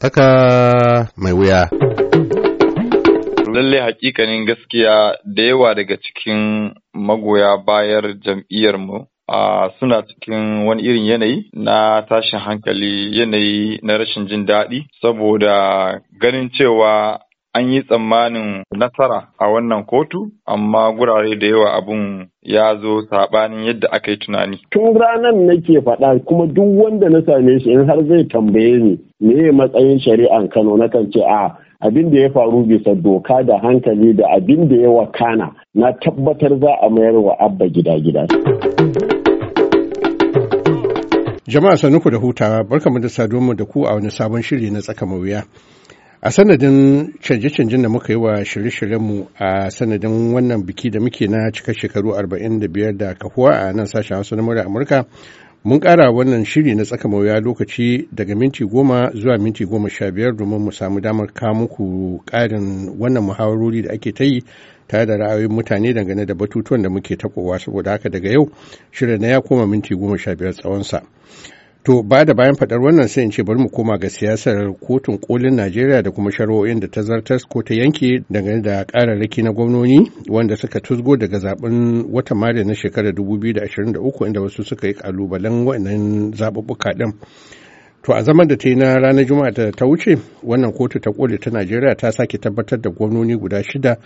Tsaka mai wuya. Lallai hakikanin gaskiya da yawa daga cikin magoya bayar jam'iyyarmu Uh, suna cikin wani irin yanayi na tashin hankali yanayi na rashin jin daɗi saboda ganin cewa an yi tsammanin nasara a wannan kotu amma gurare da yawa abun ya zo saɓanin yadda aka yi tunani. Tun ranar nake faɗa kuma duk wanda na same shi in har zai tambaye ni me matsayin shari'an Kano na kan ce a abin da ya faru bisa doka da hankali da abin da ya wakana na tabbatar za a mayar wa abba gida gida. Jama'a sanuku da hutawa barkamu da saduwa da ku a wani sabon shiri na tsaka a sanadin canje-canjen da muka yi wa shirye-shiryenmu a sanadin wannan biki da muke na cika shekaru 45 da kahuwa a nan sashen hausa na murya amurka mun kara wannan shiri na tsaka mawuya lokaci daga minti goma zuwa minti goma sha biyar domin mu samu damar kawo muku ƙarin wannan muhawarori da ake ta yi tare da ra'ayoyin mutane dangane da batutuwan da muke takowa saboda haka daga yau shirin na ya koma minti goma sha biyar tsawonsa To ba da bayan faɗar wannan sai in ce bari mu koma ga siyasar kotun kolin Najeriya da kuma shari'o'in da ta zartas ko ta yanke dangane da kararraki na gwamnoni wanda suka tuzgo daga zaben watan Maris na shekarar 2023 inda wasu suka yi kalubalen wannan zaɓuɓɓuka ɗin. To a zaman da ta yi na ranar Juma'a da ta wuce wannan kotu ta koli ta Najeriya ta sake tabbatar da gwamnoni guda shida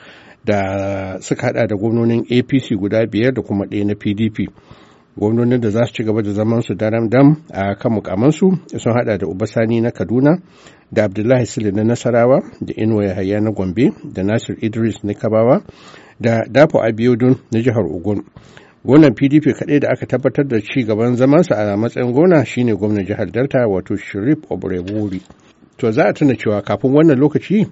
da suka haɗa da gwamnonin APC guda biyar da kuma ɗaya na PDP. gwamnonin da za su ci gaba da zaman su daram dam a kan mukamansu sun hada da ubasani na kaduna da abdullahi sule na nasarawa da inuwa yahaya na gombe da nasir idris na kabawa da dafo abiodun na jihar ogun gonan pdp kaɗai da aka tabbatar da ci gaban zamansa a matsayin gona shine gwamnan jihar delta wato shirif obreburi to za a tuna cewa kafin wannan lokaci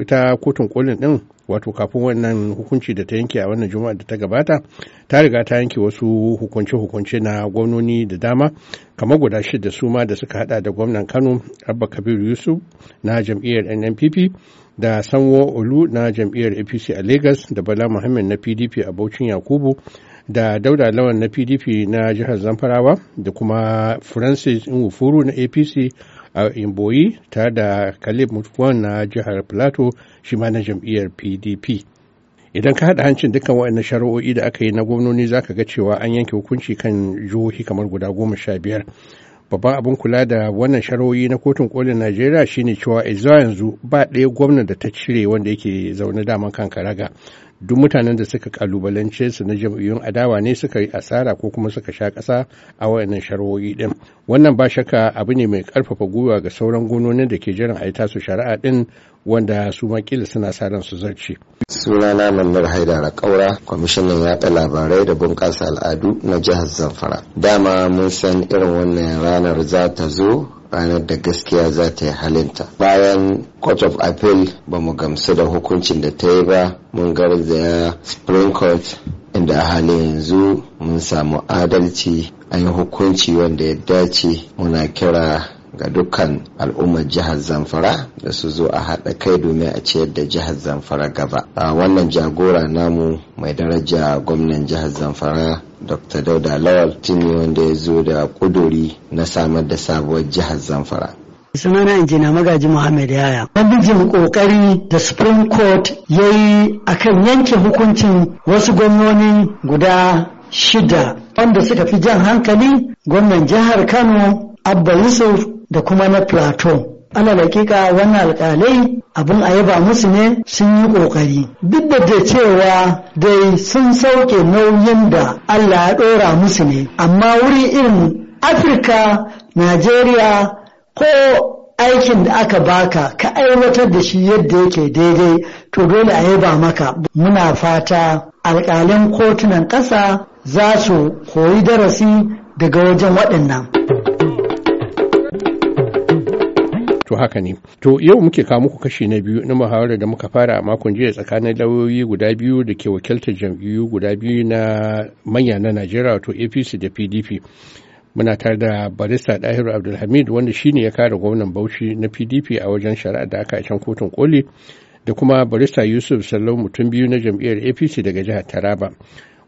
ita kotun kolin din wato kafin wannan hukunci da ta yanke a wannan juma'a da ta gabata ta riga ta yanke wasu hukunce-hukunce na gwamnoni da dama kamar guda shida su ma da suka hada da gwamnan kano abba kabiru yusuf na jam'iyyar nnpp da sanwo olu na jam'iyyar apc a lagos da bala muhammad na pdp a bauchin yakubu da dauda lawan na pdp na jihar zamfarawa da kuma francis nwufuru na apc a imboyi tare da kalib mutuwan na jihar plateau shi ma na jam'iyyar pdp idan ka haɗa hancin dukkan waɗannan shari'o'i da aka yi na gwamnoni za ka ga cewa an yanke hukunci kan jihohi kamar guda goma sha biyar babban abin kula da wannan shari'o'i na kotun kolin najeriya shine cewa izuwa yanzu ba ɗaya gwamna da ta cire wanda yake zaune daman kan raga. duk mutanen da suka kalubalance su na jam'iyyun adawa ne suka yi asara ko kuma suka sha ƙasa a wayannan shari'o'i din wannan ba shakka abu ne mai ƙarfafa gwiwa ga sauran gononin da ke jiran a yi shari'a din wanda su makila suna sa ran su zarce. sunana mannar haidara kaura kwamishinan yaɗa labarai da bunƙasa al'adu na jihar zamfara dama mun san irin wannan ranar za ta zo ranar da gaskiya za ta yi halinta bayan court of appeal ba mu gamsu da hukuncin da ta yi ba mun garzaya spring court inda a halin yanzu mun samu adalci an yi hukunci wanda ya dace muna kira ga dukkan al'ummar jihar zamfara da su zo a haɗa kai domin a ciyar da jihar zamfara gaba a wannan jagora namu mai daraja gwamnan jihar zamfara dr dauda lawal tini wanda ya zo da kuduri na samar da sabuwar jihar zamfara sunana injina magaji muhammad yaya jin kokari da supreme court ya yi kan yanke hukuncin wasu gwamnoni guda shida wanda suka fi jan hankali gwamnan jihar kano abba yusuf da kuma na plateau ana laƙiƙa wannan alƙalai abin a yaba musu ne sun yi ƙoƙari. duk da da cewa dai sun sauke nauyin da allah ya ɗora musu ne amma wuri irin afirka najeriya ko aikin da aka baka ka aiwatar da shi yadda yake daidai to dole a yaba maka muna fata alkalin kotunan ƙasa za su koyi darasi daga wajen waɗannan. to haka ne to yau muke kawo muku kashi na biyu na muhawarar da muka fara a makon jiya tsakanin lauyoyi guda biyu da ke wakiltar jam'iyyu guda biyu na manya na najeriya wato apc da pdp muna tare da barista dahiru abdulhamid wanda shine ya kare gwamnan bauchi na pdp a wajen shari'a da aka can kotun koli da kuma barista yusuf sallau mutum biyu na jam'iyyar apc daga jihar taraba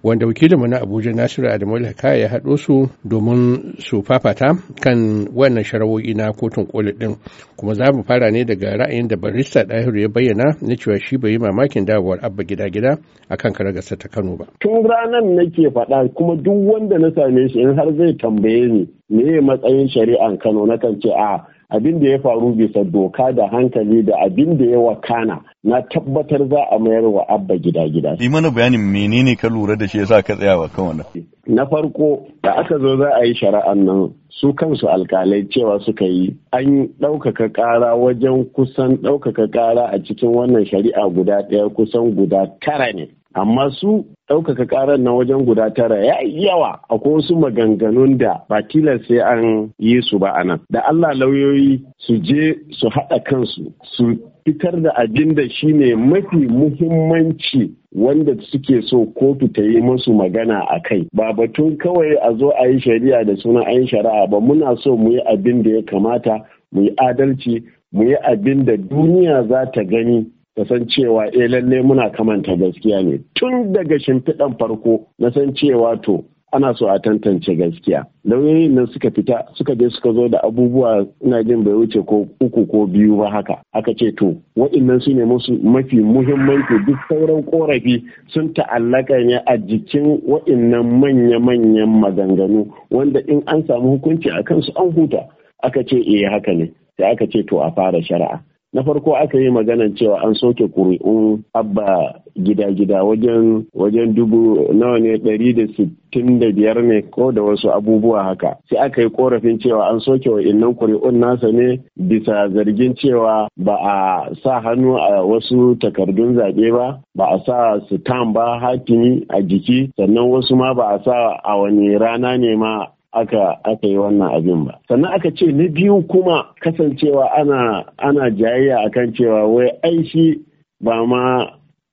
wanda wakilinmu na abuja nasiru adamu ya haɗo su domin su fafata kan wannan sharawoyi na kotun koli ɗin kuma za mu fara ne daga ra'ayin da barista dahiru ya bayyana na cewa shi bai yi mamakin dawowar abba gida gida a kan karagarsa ta kano ba tun ranar nake faɗa kuma duk wanda na same shi in har zai tambaye ni me matsayin shari'an kano na kan ce a ah, abin da ya faru bisa doka da hankali da abin da ya wakana na tabbatar za a mayar wa abba gida gida. Yi mana bayanin menene ka lura da shi yasa ka tsaya wa kan wannan. Na farko da aka zo za a yi shari'an nan su kansu alkalai cewa suka yi an ɗaukaka ƙara wajen kusan ɗaukaka ƙara a cikin wannan shari'a guda ɗaya kusan guda tara ne. amma su ɗaukaka ƙarar na wajen guda tara ya yi yawa akwai wasu maganganun da ba tilas sai an yi su ba a nan da Allah lauyoyi su je su haɗa kansu su fitar da abin da shi ne mafi muhimmanci wanda suke so kotu ta yi masu magana a kai ba batun kawai a zo a yi shari'a da sunan an shari'a ba muna so mu yi abin da ya kamata mu yi adalci mu yi abin da duniya za ta gani na san cewa eh lalle muna kamanta gaskiya ne tun daga shimfiɗan farko na san cewa to ana so a tantance gaskiya lauyoyin nan suka fita suka je suka zo da abubuwa ina jin bai wuce ko uku ko biyu ba haka aka ce to waɗannan su ne musu mafi muhimmanci duk sauran korafi sun ta'allaka ne a jikin waɗannan manya-manyan maganganu wanda in an samu hukunci a kansu an huta aka ce eh haka ne sai aka ce to a fara shari'a na farko aka yi maganan cewa an soke kuri'un abba gida-gida wajen wajen dubu nawa ne ɗari da sittin da biyar ne ko da wasu abubuwa haka sai aka yi korafin cewa an soke wa'innan kuri'un nasa ne bisa zargin cewa ba a sa hannu a wasu takardun zaɓe ba ba a sa sitam ba hatimi a jiki sannan wasu ma ba a sa a wani rana ne ma aka aka yi wannan abin ba sannan aka ce na biyu kuma kasancewa ana ana jayayya akan cewa wai aishi ba ma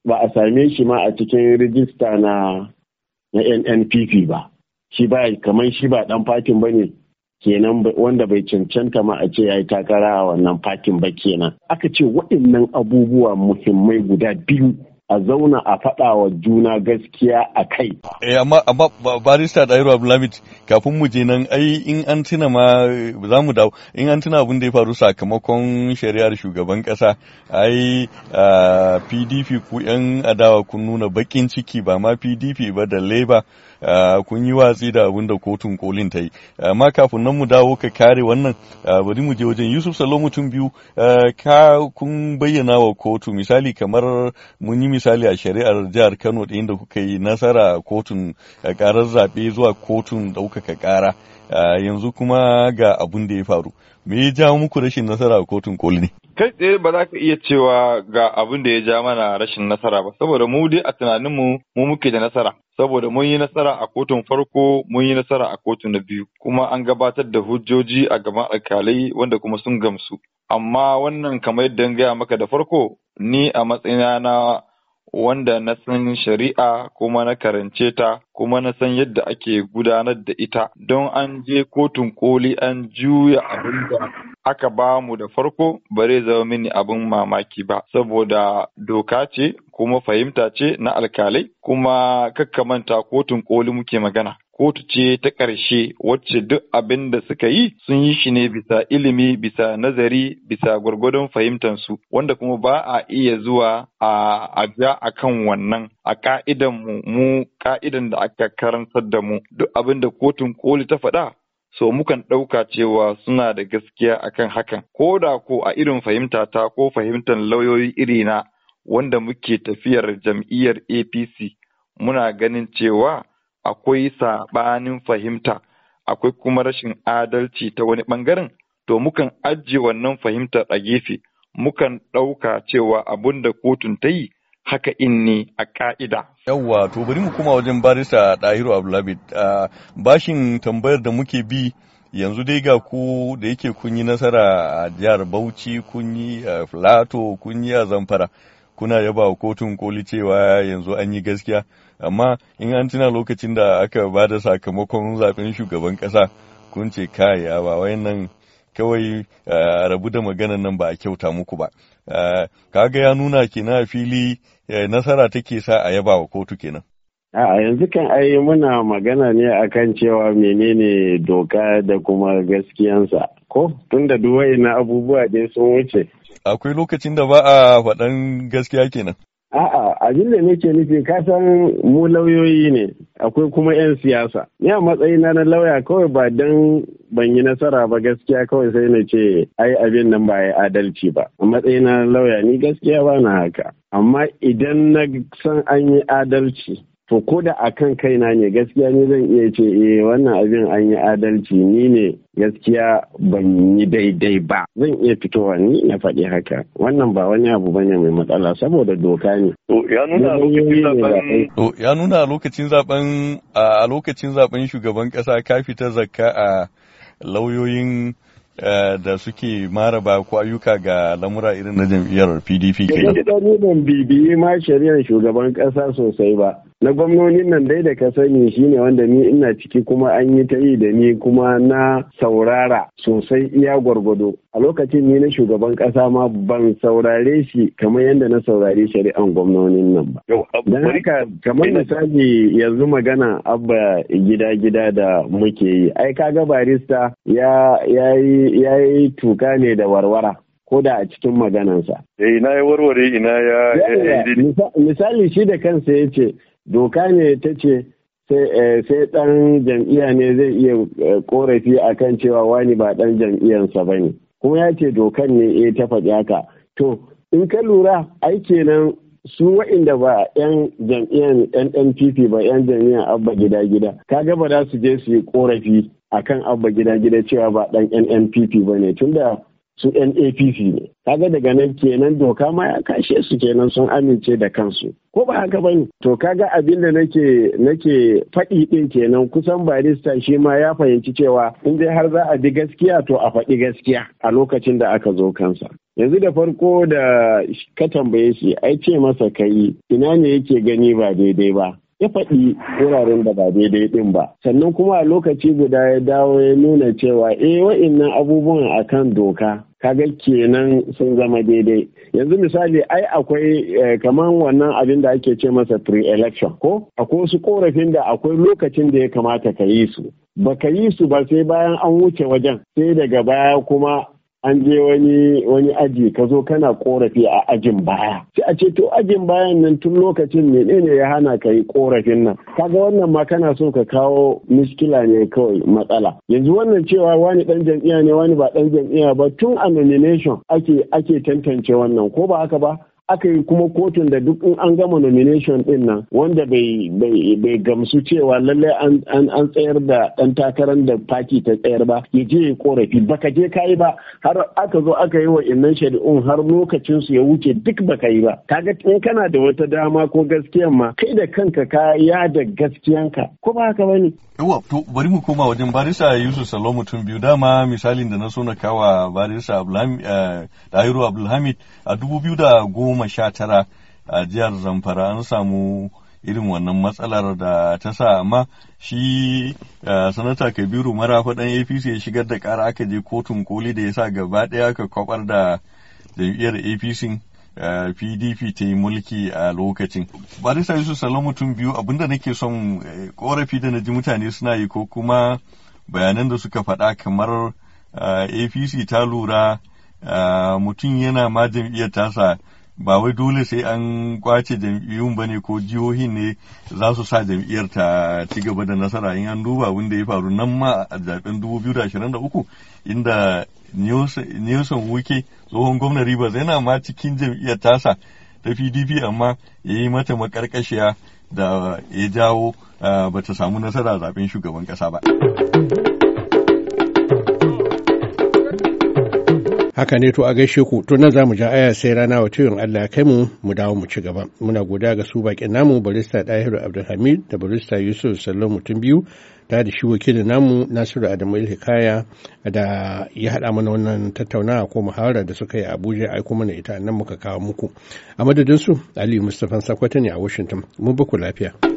ba a same shi ma a cikin rijista na na NNPP ba shi ba kamar shi ba ɗan fatin ba ne. kenan wanda bai cancanta ma a ce ya yi takara a wannan fatin ba kenan aka ce waɗannan abubuwa muhimmai guda biyu a zauna a faɗa wa juna gaskiya a kai. Eh, amma barista Dairu Abdulhamid kafin mu je nan ai in an tuna ma za mu dawo in an tuna abin da ya faru sakamakon shari'ar shugaban ƙasa ai PDP ku 'yan adawa kun nuna baƙin ciki ba ma PDP ba da Labour Ah, kun yi watsi da abin da kotun kolin ta yi ah, amma kafin nan mu dawo ka kare wannan ah, bari mu je wajen yusuf salo mutum biyu ka kun bayyana wa kotu misali kamar mun yi misali a shari'ar jihar kano da kuka yi nasara kotun karar zaɓe zuwa kotun ɗaukaka ƙara yanzu kuma ga abin da ya faru me ya jawo muku rashin nasara a kotun koli kai tsaye ba za ka iya cewa ga abin da ya ja mana rashin nasara ba saboda mu dai a tunaninmu mu muke da nasara saboda mun yi nasara a kotun farko mun yi nasara a kotu na biyu kuma an gabatar da hujjoji a gaban alkalai wanda kuma sun gamsu amma wannan kamar yadda gaya maka da farko ni a matsayina na wanda na san shari'a kuma na karance ta kuma na san yadda ake gudanar da ita don an je kotun koli an juya abin da aka ba mu da farko bare zama mini abin mamaki ba saboda doka ce kuma fahimta ce na alkalai kuma kakkamanta kotun koli muke magana kotu ce ta ƙarshe wacce duk abin da suka yi sun yi shi ne bisa ilimi bisa nazari bisa gwargwadon fahimtansu wanda kuma ba a iya zuwa a ajiya a kan wannan a ka'idan mu ka'idan da aka karantar da mu duk abin da kotun koli ta faɗa so mukan ɗauka cewa suna da gaskiya akan hakan ko da ko a irin fahimtata ko fahimtar lauyoyi irina wanda muke tafiyar jam'iyyar apc muna ganin cewa akwai saɓanin fahimta akwai kuma rashin adalci ta wani ɓangaren to mukan ajiye wannan fahimtar a gefe mukan ɗauka cewa abun da kotun ta yi haka in ne a ƙa'ida. Yawwa, to bari mu kuma wajen barista a Ɗahiru Abdulhamid. Bashin tambayar da muke bi yanzu dai ga ku da yake kun yi nasara a jihar Bauchi, kun yi Filato, kun yi a Zamfara. Kuna yaba kotun koli cewa yanzu an yi gaskiya. amma in an tuna lokacin da aka ba da sakamakon zaben shugaban kasa kun ce kai ba nan kawai rabu da maganan nan ba a kyauta muku ba kaga ya nuna ke a fili e, nasara take sa a yaba wa kotu kenan a yanzu kan ai muna magana ne akan cewa menene doka da kuma gaskiyansa ko tunda duwai na abubuwa dai sun wuce akwai lokacin da ba a faɗan gaskiya kenan A'a abin da nake nufi ka san mu lauyoyi ne akwai kuma 'yan siyasa. Ni a matsayina na lauya kawai ba don ban yi nasara ba gaskiya kawai sai na ce ai abin nan ba ya adalci ba. A matsayina na lauya ni gaskiya ba na haka. Amma idan na san an yi adalci to ko da a kan kaina ne gaskiya ne zan iya ce eh wannan abin an yi adalci ni ne gaskiya ban yi daidai ba zan iya fitowa ni na faɗi haka wannan ba wani abu bane mai matsala saboda doka ne ya nuna a lokacin zaben a lokacin zaben shugaban ƙasa ka fita zakka a lauyoyin eh, da suke maraba ko ayyuka ga lamura irin na jam'iyyar PDP kenan. ban bibiyi ma shari'ar shugaban ƙasa sosai ba. na gwamnonin nan dai da ka sani shine wanda ni ina ciki kuma an yi ta yi da ni kuma na saurara sosai iya gwargwado a lokacin ni na shugaban kasa ma ban saurare shi kamar yadda na saurare shari'an gwamnonin nan ba don haka kamar misali yanzu magana abba gida gida da muke yi ai kaga barista ya yi tuka ne da warwara ko da a cikin maganansa. Eh ina ya warware ina ya misali shi da kansa ya ce doka ne ta ce eh, sai ɗan jam'iyya ne zai iya korafi eh, a kan cewa wani ba ɗan jam'iyyarsa ba ne kuma ya ce dokan ne ya eh, ta faɗi haka to in ka lura ai kenan su wa'inda ba 'yan jam'iyyar NNPP ba 'yan jam'iyyar abba gida gida kaga ba za su je su yi korafi akan abba gida gida cewa ba ɗan NNPP ba ne tunda su NAPC ne kaga daga nan kenan doka ma ya kashe su kenan sun amince da kansu ko ba haka bane to kaga abin da nake nake faɗi ɗin kenan kusan barista shi ma ya fahimci cewa in dai har za a bi gaskiya to a faɗi gaskiya a lokacin da aka zo kansa yanzu da farko da ka tambaye shi ai ce masa kai ina ne yake gani ba daidai ba ya faɗi wuraren da ba daidai ɗin ba sannan kuma a lokaci guda ya dawo ya nuna cewa eh wa'innan abubuwan akan doka kaga kenan sun zama daidai yanzu misali ai akwai eh, kamar wannan abin da ake ce masa pre-election ko akwai wasu korafin da akwai lokacin da ya kamata ka yi su Ba ka yi su ba sai bayan an wuce wajen sai daga baya kuma an je wani wani aji ka zo kana korafi a ajin baya sai a ce to ajin bayan nan tun lokacin ne ne ya hana ka yi korafin nan kaga wannan ma kana so ka kawo miskila ne kawai matsala yanzu wannan cewa wani dan jam'iyya ne wani ba dan jam'iyya ba tun a nomination ake ake tantance wannan ko ba haka ba aka yi kuma kotun da duk in an gama nomination din nan wanda bai gamsu cewa lallai an tsayar da ɗan takarar da faki ta tsayar ba ya je ya korafi baka je kayi ba har aka zo aka yi wa innan shari'un har lokacin su ya wuce duk baka yi ba kaga in kana da wata dama ko gaskiyan ma kai da kanka ka ya da gaskiyanka ko ba haka bane yawa to bari mu koma wajen barisa yusuf salo mutum biyu dama misalin da na so na kawa barisa eh, abdulhamid a dubu biyu da goma goma sha tara a jihar zamfara an samu irin wannan matsalar da ta sa amma shi eh, sanata kabiru marafa dan apc ya shigar da kara aka je kotun koli da ya sa gaba ɗaya aka kwabar da jam'iyyar apc pdp eh, ta yi mulki a lokacin su yusuf mutum biyu abinda nake son korafi eh, da na ji mutane suna yi ko kuma bayanan da suka faɗa kamar apc ta lura mutum yana ma jam'iyyar tasa ba wai dole sai an kwace jam'iyyun ba ne ko jihohi ne za su sa jam'iyyar ta ci gaba da nasara in an duba wanda ya faru nan ma a zaben 2023 inda Nelson Wuke tsohon gwamnan Rivers yana ma cikin jam'iyyar tasa ta PDP amma ya yi mata makarkashiya da ya jawo ah, ba ta samu nasara zaɓen shugaban ƙasa ba. haka ne to a gaishe ku to nan zamu ja aya sai rana wa tiyon Allah ya kai mu mu dawo mu ci gaba muna goda ga su bakin namu barista Dahiru Abdulhamid da barista Yusuf Sallam mutum biyu ta da shi wakilin namu Nasiru Adamu Hikaya da ya hada mana wannan tattaunawa ko muhawara da suka yi a Abuja ai kuma ne ita nan muka kawo muku a madadin su Aliyu Mustafa Sakwata ne a Washington mun ba ku lafiya